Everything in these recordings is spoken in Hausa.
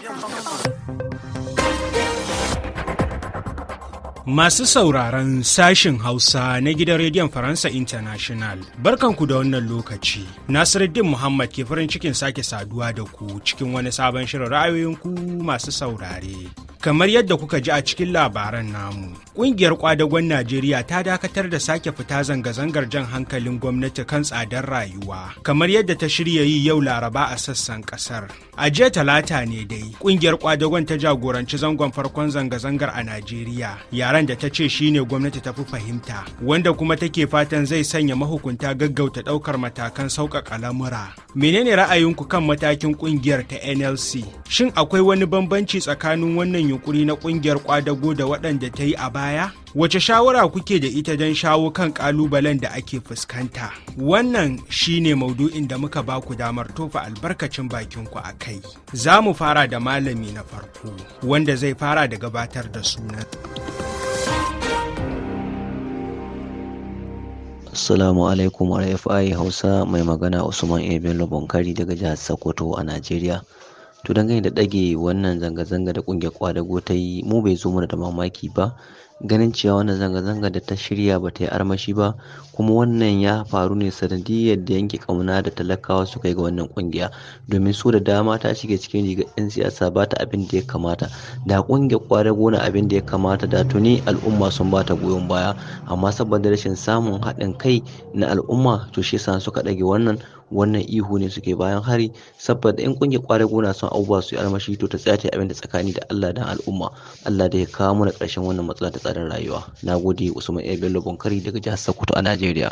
别放！别放！Masu sauraron sashin Hausa na gidan Rediyon Faransa International, barkanku da wannan lokaci. Nasiruddin Muhammad ke farin cikin sake saduwa da ku cikin wani sabon shirin ra'ayoyinku masu saurare. Kamar yadda kuka ji a cikin labaran namu, ƙungiyar ƙwadagon Najeriya ta dakatar da sake fita zanga-zangar jan hankalin gwamnati kan tsadar rayuwa, kamar yadda ta shirya yi yau Laraba a sassan ƙasar. A jiya Talata ne dai, ƙungiyar ƙwadagon ta jagoranci zangon farkon zanga-zangar a Najeriya, yaren taron ta ce shine gwamnati ta fi fahimta wanda kuma take fatan zai sanya mahukunta gaggauta ɗaukar matakan sauƙaƙa lamura menene ra'ayinku kan matakin ƙungiyar ta nlc shin akwai wani bambanci tsakanin wannan yunkuri na ƙungiyar kwadago da waɗanda ta yi a baya wace shawara kuke da ita don shawo kan ƙalubalen da ake fuskanta wannan shine maudu'in da muka ba ku damar tofa albarkacin bakin ku a kai za mu fara da malami na farko wanda zai fara da gabatar da sunan. Assalamu alaikum RFI Hausa mai magana Usman Ebello Bonkari daga jihar Sokoto a Najeriya. To dangane da ɗage wannan zanga-zanga da ƙungiyar kwadago ta yi mu bai zo mana da mamaki ba ganin cewa wannan zanga-zanga da ta shirya ba ta yi armashi ba kuma wannan ya faru ne sanadiyyar da yanke kauna da talakawa suka yi ga wannan kungiya domin so da dama ta shige cikin riga 'yan siyasa ba ta abin da ya kamata da kungiyar kwarai gona abin da ya kamata da tuni al'umma sun ba ta goyon baya amma saboda rashin samun haɗin kai na al'umma to shi yasa suka ɗage wannan wannan ihu ne suke bayan hari saboda in kungiyar kwarar gona sun abubuwa su yi armashi to ta tsaya ta abin da tsakani da Allah dan al'umma Allah da ya kawo mana ƙarshen wannan matsala ta tsarin rayuwa na gode usman a bello daga jihar sokoto a najeriya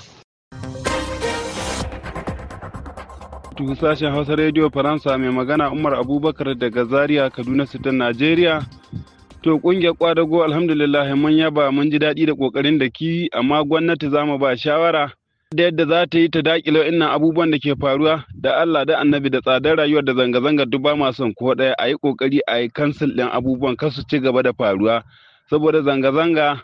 Tuhu sashen Hausa Radio Faransa mai magana Umar Abubakar daga Zaria Kaduna Sitan Najeriya. To kungiyar kwadago alhamdulillah mun yaba mun ji daɗi da kokarin da ki amma gwamnati za mu ba shawara da yadda za ta yi ta daƙile innan abubuwan da ke faruwa da Allah da annabi da tsadar rayuwar da zanga-zanga duk ba ko ɗaya a yi ƙoƙari a yi kansil ɗin abubuwan kar su ci gaba da faruwa saboda zanga-zanga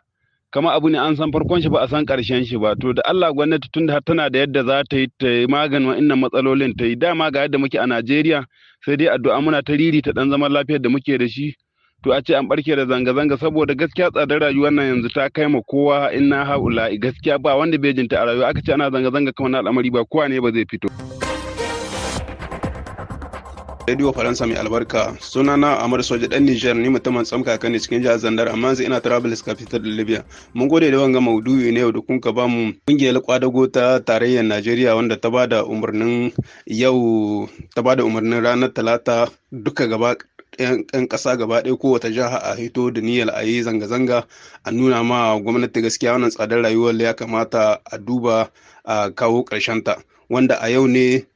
kama abu ne an san farkon shi ba a san karshen shi ba to da Allah gwamnati tun da tana da yadda za ta yi ta magani wa'annan matsalolin ta yi dama ga yadda muke a Najeriya sai dai addu'a muna ta riri ta dan zaman lafiyar da muke da shi to a ce an barke da zanga-zanga saboda gaskiya tsadar rayuwar nan yanzu ta kai ma kowa in na haula gaskiya ba wanda bai jinta a rayuwa aka ce ana zanga-zanga kamar al'amari ba kowa ne ba zai fito. Radio Faransa mai albarka sunana Amar Soja dan Niger ne mutumin tsamka kan ne cikin jihar Zandar amma yanzu ina Travelers Capital Libya. Mun gode da wanga maudu'i ne da kun ka ba mu kungiyar kwadago ta tarayyar Najeriya wanda ta bada umarnin yau ta bada umarnin ranar Talata duka gaba 'yan kasa gaba ɗaya kowace jiha a hito da niyyar a yi zanga-zanga a nuna ma gwamnati gaskiya wannan tsadar rayuwar ya kamata a duba a kawo ta wanda a yau ne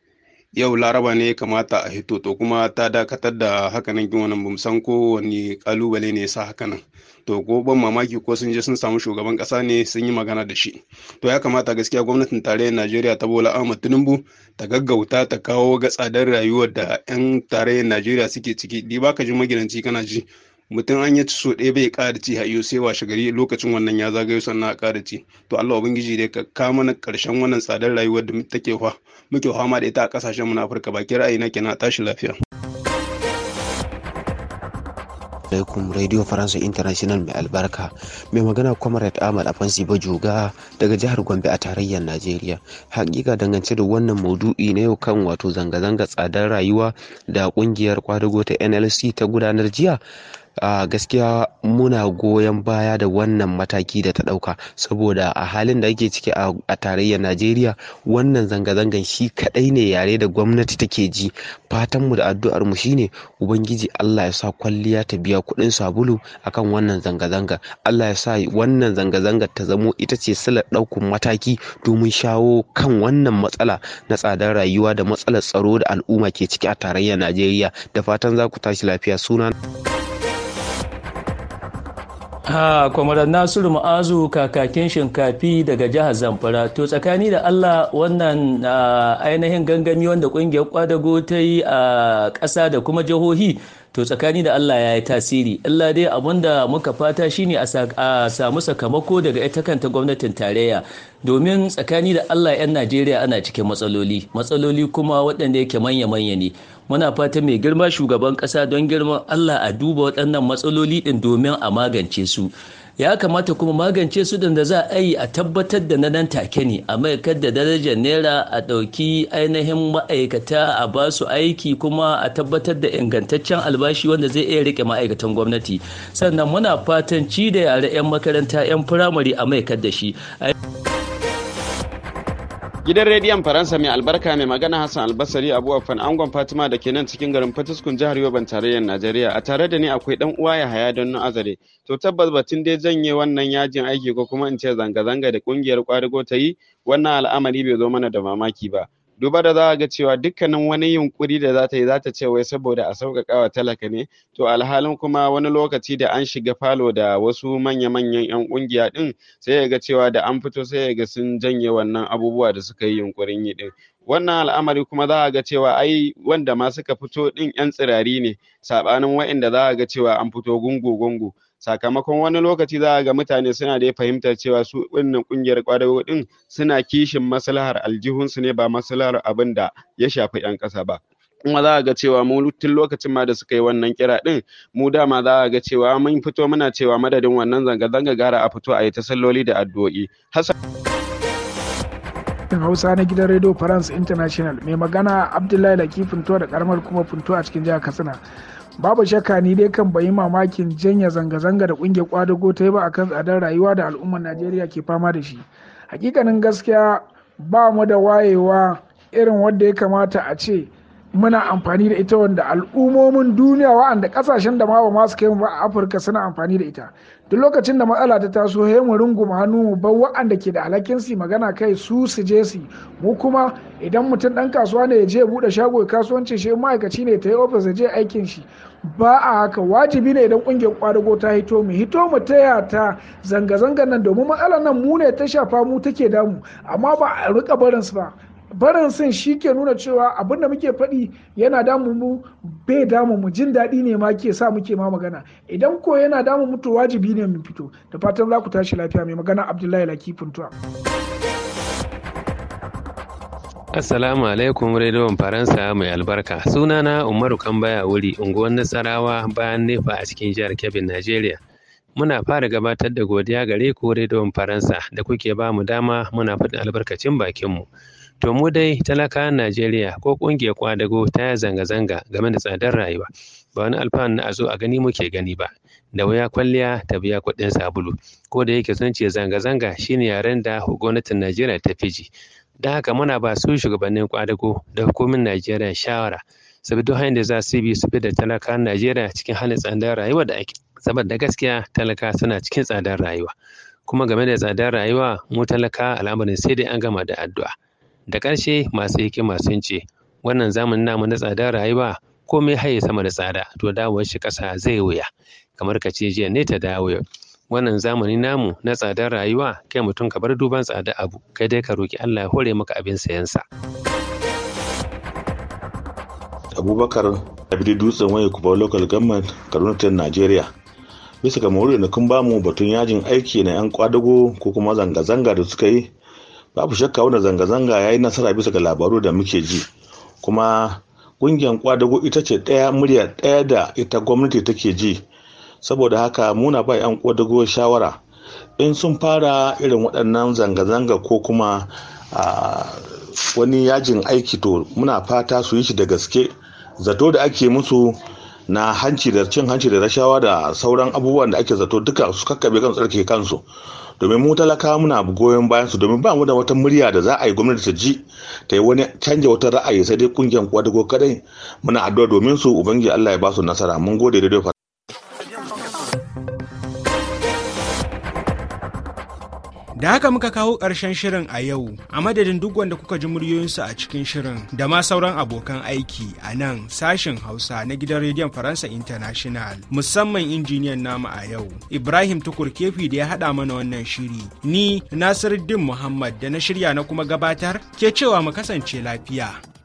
yau laraba ne kamata a hito to kuma ta dakatar da hakanan gin wannan bumsan ko wani kalubale ne sa hakanan to ko ban mamaki ko sun je sun samu shugaban kasa ne sun yi magana da shi to ya kamata gaskiya gwamnatin tarayyar Najeriya ta Bola Ahmad, Tinubu ta gaggauta ta kawo ga tsadar rayuwar da 'yan tarayyar Najeriya suke ciki di baka ji magidanci kana ji mutum an yi ci so ɗaya bai ƙara ci hayo sai washe gari lokacin wannan ya zagayo sannan a ƙara ci to Allah ubangiji dai ka ka mana ƙarshen wannan tsadar rayuwar da take fa muke fama da ita a ƙasashen mu na Afirka baki ra'ayi na kenan tashi lafiya alaikum radio faransa international mai albarka mai magana comrade ahmad afansi bajoga daga jihar gombe a tarayyar najeriya hakika dangance da wannan maudu'i na yau kan wato zanga-zanga tsadar rayuwa da kungiyar kwadago ta nlc ta gudanar jiya a gaskiya muna goyon baya da wannan mataki da ta ɗauka saboda a halin da ake ciki a tarayyar najeriya wannan zanga-zangan shi kaɗai ne yare da gwamnati take ji fatanmu da addu'ar mu shine ubangiji allah ya sa kwalliya ta biya kuɗin sabulu akan wannan zanga-zanga allah ya sa wannan zanga-zanga ta zamo ita ce silar daukun mataki domin shawo kan wannan matsala na tsadar rayuwa da matsalar tsaro da al'umma ke ciki a tarayyar najeriya da fatan za ku tashi lafiya suna Ha, kwamarar Nasiru Ma'azu kakakin shinkafi daga jihar Zamfara. To tsakani da Allah wannan ah, ainihin gangami wanda ƙungiyar kwadago ta yi a ƙasa da kuma jihohi to tsakani da Allah ya yi tasiri illa dai abinda muka fata shine a samu sakamako daga ita kanta gwamnatin tarayya domin tsakani da Allah 'yan Najeriya ana cikin matsaloli matsaloli kuma waɗanda yake manya-manya ne muna fata mai girma shugaban ƙasa don girman Allah a duba waɗannan matsaloli ɗin domin a magance su ya kamata kuma magance su da za a yi a tabbatar da na nan take ne a mai da darajar naira a ɗauki ainihin ma'aikata a ba su aiki kuma a tabbatar da ingantaccen albashi wanda zai iya rike ma'aikatan gwamnati sannan muna fatan ci da yare 'yan makaranta 'yan firamare a mai da shi. Gidan rediyon Faransa mai albarka mai magana Hassan Albasari Abu Afan Angon Fatima da ke nan cikin garin Fatiskun jihar Yoban tarayyar Najeriya a tare da ni akwai dan uwa ya haya don azare. To tabbas batun dai janye wannan yajin aiki ko kuma in ce zanga-zanga da kungiyar kwarigo ta yi wannan al'amari bai zo mana da mamaki ba. duba da za ga cewa dukkanin wani yunkuri da za ta yi za ta ce wai saboda a sauƙaƙa wa talaka ne to alhalin kuma wani lokaci da an shiga falo da wasu manya-manyan 'yan ƙungiya ɗin sai ya ga cewa da an fito sai ya ga sun janye wannan abubuwa da suka yi yunkurin yi ɗin wannan al'amari kuma za a ga cewa ai wanda ma suka fito ɗin 'yan tsirari ne saɓanin wa'inda za a ga cewa an fito gungu-gungu sakamakon wani lokaci za ga mutane suna da fahimtar cewa su wannan kungiyar kwadago din suna kishin maslahar aljihunsu ne ba maslahar abinda ya shafi yan kasa ba kuma za ga cewa mu tun lokacin ma da suka yi wannan kira din mu dama za ga cewa mun fito muna cewa madadin wannan zanga-zanga gara a fito a yi ta salloli da addu'o'i sashen hausa na gidan radio france international mai magana abdullahi Lakifin to da karamar kuma funto a cikin jihar katsina babu shakka ni dai kan bayi mamakin janya zanga-zanga da kungiyar kwadago ta yi ba a kan tsadar rayuwa da al'ummar najeriya ke fama da shi hakikanin gaskiya ba mu da wayewa irin wanda ya kamata a ce muna amfani da ita wanda al'ummomin duniya wa'anda kasashen da ma ba masu kai ba a afirka suna amfani da ita duk lokacin da matsala ta taso he mu runguma hannu mu bar wa'anda ke da alhakin su magana kai su su je su mu kuma idan mutum dan kasuwa ne ya je bude shago kasuwanci shi ma'aikaci ne ta yi ofis ya je aikin shi ba a haka wajibi ne idan kungiyar kwadago ta hito mu hito mu taya ta zanga-zangan nan domin matsalar nan mu ne ta shafa mu take damu amma ba a rika barin su ba barin sun shi ke nuna cewa abin da muke faɗi yana damu mu bai damu mu jin daɗi ne ma ke sa muke ma magana idan ko yana damu mu to wajibi ne mu fito da fatan za ku tashi lafiya mai magana abdullahi laki funtuwa Assalamu alaikum rediyon Faransa mai albarka. Sunana Umaru Kambaya wuri unguwar Nasarawa bayan nefa a cikin jihar Kebbi, Najeriya. Muna fara gabatar da godiya gare ku rediyon Faransa da kuke ba mu dama muna faɗin albarkacin bakinmu. To mu dai talakawan Najeriya ko ƙungiyar ƙwadago ta yi zanga-zanga game da tsadar rayuwa. Ba wani alfanu na a zo a gani muke gani ba. Da wuya kwalliya ta biya kuɗin sabulu. Ko da yake sun ce zanga-zanga shine yaren da gwamnatin Najeriya ta fi ji. Don haka muna ba su shugabannin ƙwadago da hukumin Najeriya shawara. Saboda hanyar da za su bi su bi da talakawan Najeriya cikin halin tsadar rayuwa da ake. Saboda gaskiya talaka suna cikin tsadar rayuwa. Kuma game da tsadar rayuwa mu talaka al'amarin sai dai an gama da addu'a. da ƙarshe masu hikima sun ce wannan zamanin namu na tsadar rayuwa komai haye sama da tsada to da shi ƙasa zai wuya kamar ka ce jiya ne ta dawo yau wannan zamani namu na tsadar rayuwa kai mutum ka bar duban tsada abu kai dai ka roki Allah ya hore maka abin sayansa. Abubakar Abdi Dutsen waya kuma local government Kaduna ta Najeriya. Bisa ga mawuri da kun bamu batun yajin aiki na 'yan kwadago ko kuma zanga-zanga da suka yi babu shakka wanda zanga-zanga ya yi nasara bisa ga labaru da muke ji kuma ƙungiyar kwadago ita ce ɗaya murya ɗaya da ita gwamnati take ji saboda haka muna ba 'yan kwadago shawara in sun fara irin waɗannan zanga-zanga ko kuma a wani yajin aiki to muna fata su yi shi da gaske zato da ake musu na hanci da cin hanci da rashawa da sauran abubuwan da ake zato duka su kakkabe kan tsarki kansu domin mu talaka muna goyon bayan su domin ba mu da wata murya da za a yi gwamnati ta ji ta yi wani canja wata ra'ayi sai dai kungiyar kwadago kadai muna addu'a domin su ubangiji Allah ya ba su nasara mun gode da Da haka muka kawo ƙarshen shirin a yau, a madadin duk wanda kuka ji muryoyinsu a cikin shirin da ma sauran abokan aiki a nan sashen Hausa na gidan rediyon Faransa International, musamman injiniyan namu a yau, Ibrahim Tukur Kefi da ya haɗa mana wannan shiri. Ni Nasiruddin Muhammad da na shirya na kuma gabatar, ke cewa mu kasance lafiya.